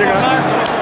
Legal.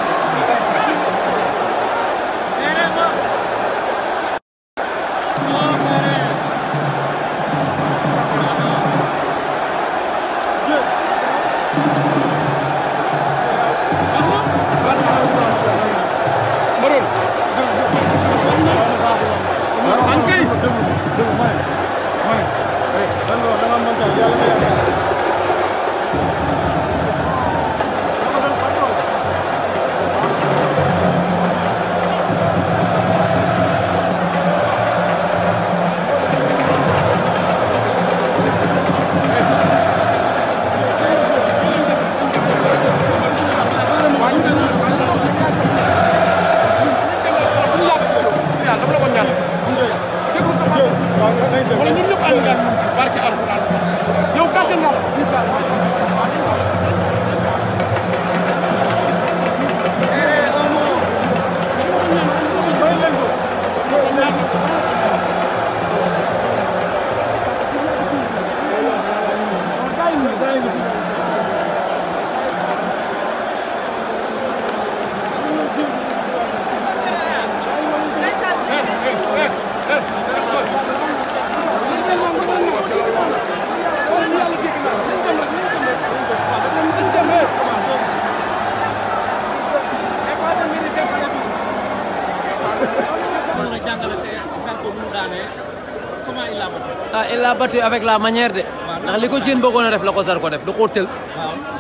comment l'a battu ah il l'a battu avec la manière de ndax li ko Diène bëggoon a def la ko Zarko def da koo tël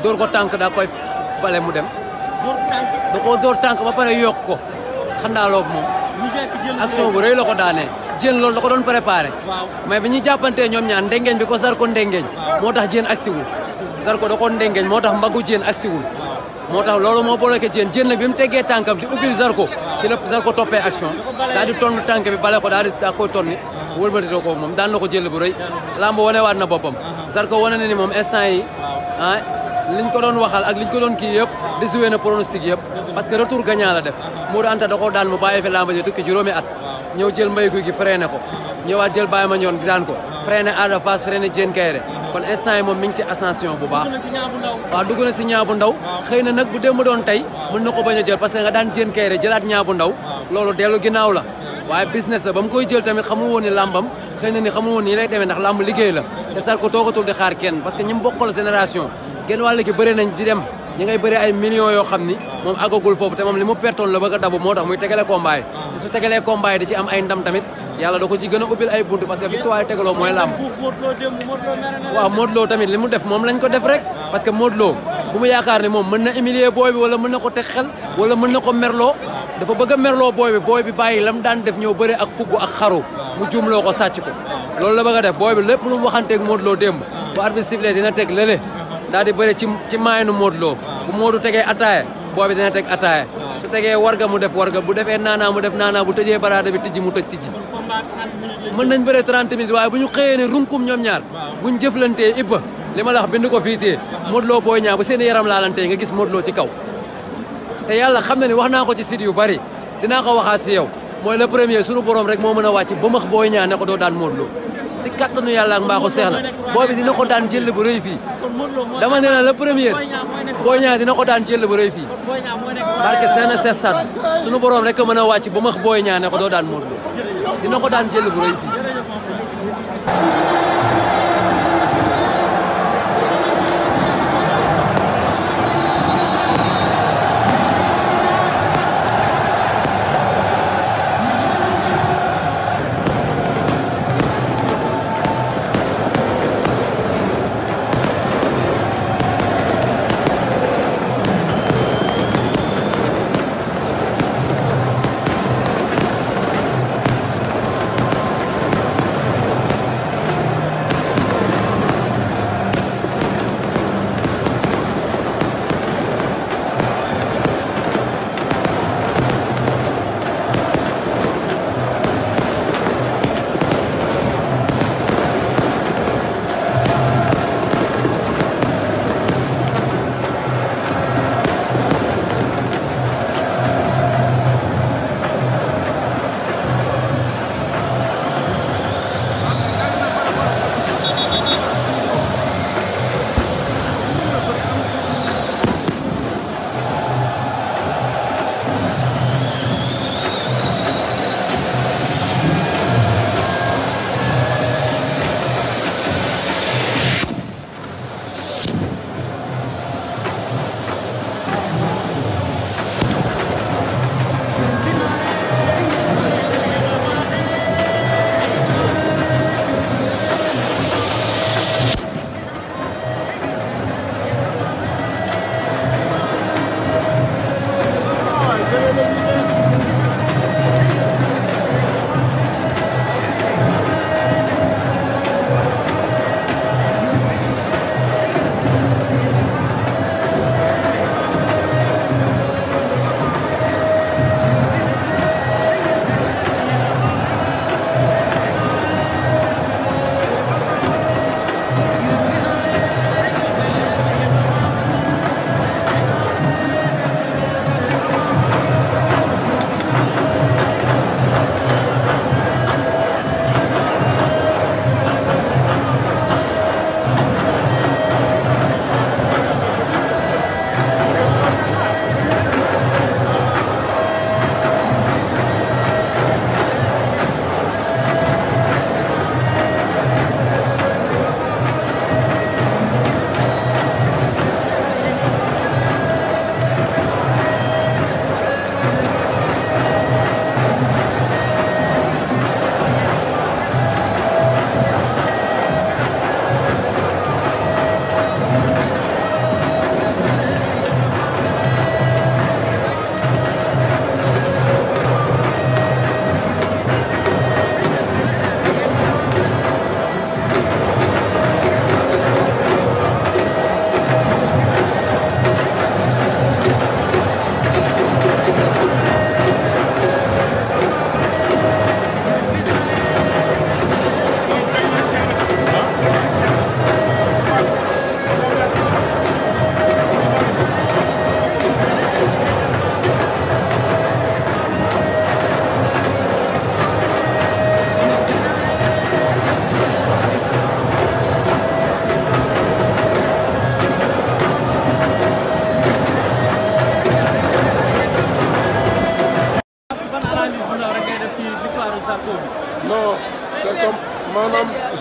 dóor ko tànk daa koy bale mu dem da koo dóor tànk ba pare yokk ko xandaaloog moom action bu rëy la ko daanee Diène loolu da ko doon préparé mais bi ñu jàppantee ñoom ñaar ndengeeñ bi ko Zarko ndengeeñ moo tax Diène ak siwul Zarko da ko ndengeeñ moo tax mbagu Diène ak siwul moo tax loolu moo bloqué Diène Diène nag bi mu teggee tànkam di ubbil Zarko ci la Zarko toppee action daal di tonn tànk bi bale ko daal di wëlbati ko mom daan lako jël bu reuy lamb woné waat na bopam sar ko woné ni mom instant yi ah liñ ko doon waxal ak liñ ko doon ki yépp désuwee na pronostic yépp parce que retour gagnant la def Mour Anta da ko daan mu baye fi lamb je tukki juromi at ñew jël mbay guy gi freiné ko ñëwaat jël baye ma ñoon daan ko freiné à la face freiné jeen kayré kon instant yi mom mi ngi ci ascension bu baax wa duggu na si ñaabu ndaw xeyna nak nag bu démb doon tay mën na ko bañ jël parce que nga daan Diène Kairé jëlaat ñaabu ndaw lolu dellu ginaaw la waaye business la ba mu koy jël tamit xamul woon ni làmbam xëy na ni xamul woon ni lay demee ndax làmb liggéey la te ko toogatul di xaar kenn parce que ñi mu bokkal génération genn wàll gi bëri nañ di dem ñi ngay bëri ay millions yoo xam ni moom agagul foofu te moom li mu pertoon la bëgg a dabu moo tax muy tegale combat yi su tegalee combat yi da ci am ay ndam tamit yàlla da ko ci gën a ubbil ay bunt parce que victoire tegaloo mooy làmb waaw Modlo tamit li mu def moom lañ ko def rek parce que Modlo. bu mu yaakaar ne moom mën na humilier booy bi wala mën na ko teg xel wala mën na ko merloo dafa bëgg a merloo booy bi booy bi bàyyi lam daan def ñëw bëre ak fugg ak xaru mu jumloo ko sàcc ko loolu la bëgg a def booy bi lépp lu mu waxanteeg Modou Lo démb bu arbitre sifflé dina teg lële daal di bëre ci ci maayanu Modou Lo bu Modou tegee ataaya booy bi dina teg ataaya su tegee warga mu def warga bu defee naanaa mu def naanaa bu tëjee baraada bi tijji mu tëj tijji mën nañ bëre 30 minutes waaye bu ñu xëyee ne runkum ñoom ñaar buñ jëflantee ibba li ma la wax bind ko fii tee Modou Lo Boy Niang bu seen yaram laalante nga gis Modou Lo ci kaw te yàlla xam na ni wax naa ko ci site yu bari dinaa ko waxaat si yow mooy la premier sunu borom rek moo mën a wàcc ba max Boy Niang ne ko doo daan kattanu yàlla ak mbaaxu seex na boobi dina ko daan jël ba rëy fii dama ne la le premier Boy Niang dina ko daan jël ba rëy fii parce que seen sees sat sunu borom rek mën a wàcc ba max booy Niang ne ko doo daan Modou dina ko daan jël bu rëy fii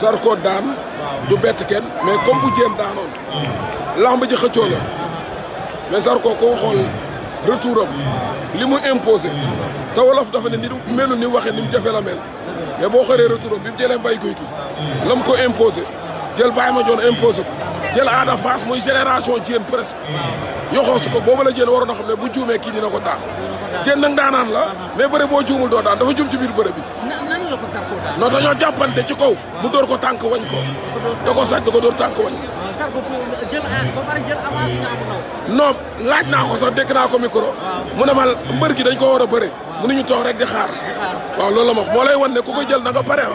Zarko daan du bett kenn mais comme bu jéem daanoon lamb ji xëccoo la mais Zarko koo li mu imposé te wolof dafa ne ni melu ni waxee ni mu jafe la mel boo xëree retour bi mu jëlee mbay guy gi la mu ko imposé jël bàyyi ma joon imposé jël aada face muy génération jéen presque yoxoo su ko boobu la jën waroon a xam ne bu juumee kii dina ko daan jën nag la mais bëre boo juumul doo daan dafa juum ci biir bëre bi non dañoo jàppante ci kaw mu dóor ko tànk wañ ko da ko saj da ko dóor tànk wañ ko non laaj naa ko sax dégg naa ko micro mu ne ma mbër gi dañ ko war a bëre mu ñu toog rek di xaar waaw loolu la ma moo lay wan ne ku ko jël na nga pare ah.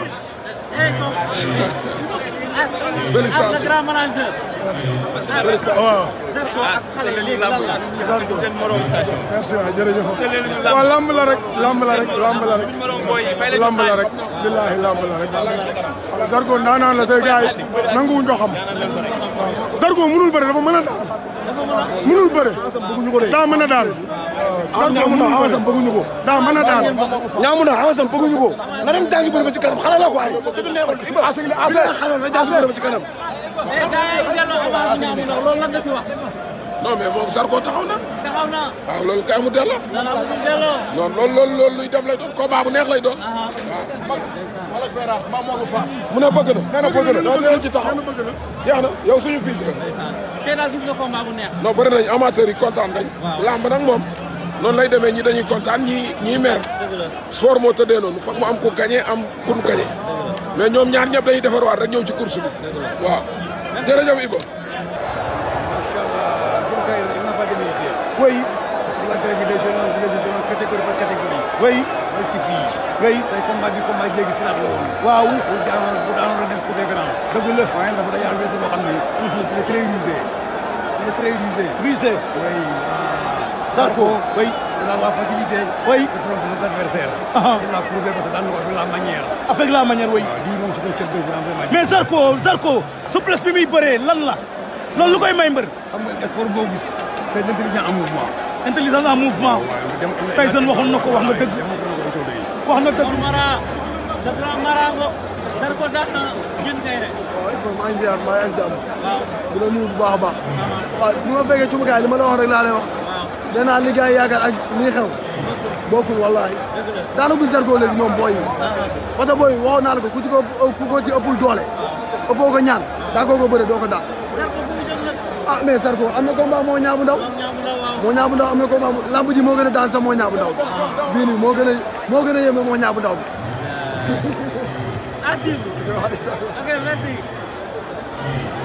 félicitations grand manager. waaw. Ah, merci waay jërëjëf. lamb la rek lamb la rek lamb la rek. lamb la rek. billaahi lamb la rek. waaw Zarko ndaanaan la tey gars yi nanguwuñ ko xam. waaw Zarko mënul a daan. mënul bëre. daa mën a daan. sant ñaamu na awa sam bëgguñu ko. daa mën a daan ñaamu na awa sam bëgguñu ko. na a jàngi bëri ba ci kanam xale ko waaye. na loolu lan nga fi wax. non ah, mu delloo. non non mu delloo. non loolu luy dem lay doon combat bu neex lay doon. waaw. Ah, ah. mu ne bëgg na. nee mu na loolu nee na ci taxaw. jeex na yow suñu fils nga. tey daal gis nga neex. non bëri nañu amateurs yi kontaan nañu. waaw làmb nag moom. noonu lay demee ñi dañuy kontaan ñi ñiy mer sport moo tëddee noonu foog mu am ku gagné am ku nu gagné mais ñoom ñaar ñëpp dañuy defarwaat rek ñëw ci course bi waaw jërëjëf Iba Oui. Parce que la de catégorie par catégorie. Oui. Multiplie. Oui. Tey combat bi combat jéegi si la woon. Waaw. Bu daanoon bu daanoon la def coupe des la. Waaye dafa day am weesu boo xam ne. Il est très rusé. Il est très rusé. Rusé. Zarco oui. Il a la facilité. Oui. De tromper ses adversaires. Uh -huh. Il l'a prouvé parce que dans le avec la manière. avec la manière oui. Ah, mais Zarco Zarco souplesse bi muy bëree lan la loolu lu koy may mbër. xam nga sport boo gis c' est l' intelligence en mouvement. intelligence en mouvement. Ah, Tyson waxoon na ko wax na dëgg. wax na dëgg. Mara le grand marabout Zarco daan na jën kay rek. waaw maa ngi ziar maa ngi ziar. waaw. di la nuyu bu baax a baax. waaw bu ma fekkee ci li ma la wax rek laa lay wax. nee naa li gars yi yaakaar ak lii xew bokkul wallaahi daana buñ Zarko léegi moom booy yi parce que booy la ko ku ci ko ku ko ci doole ëppoo ko ñaan daa koo ko bëre doo daal ah mais Zarko am na combat moo ñaabu ndaw moo ñaabu ndaw am na combat lamb ji moo gën a daan sax moo ñaabu ndaw bii moo gën moo gën a yéeme moo ñaabu bi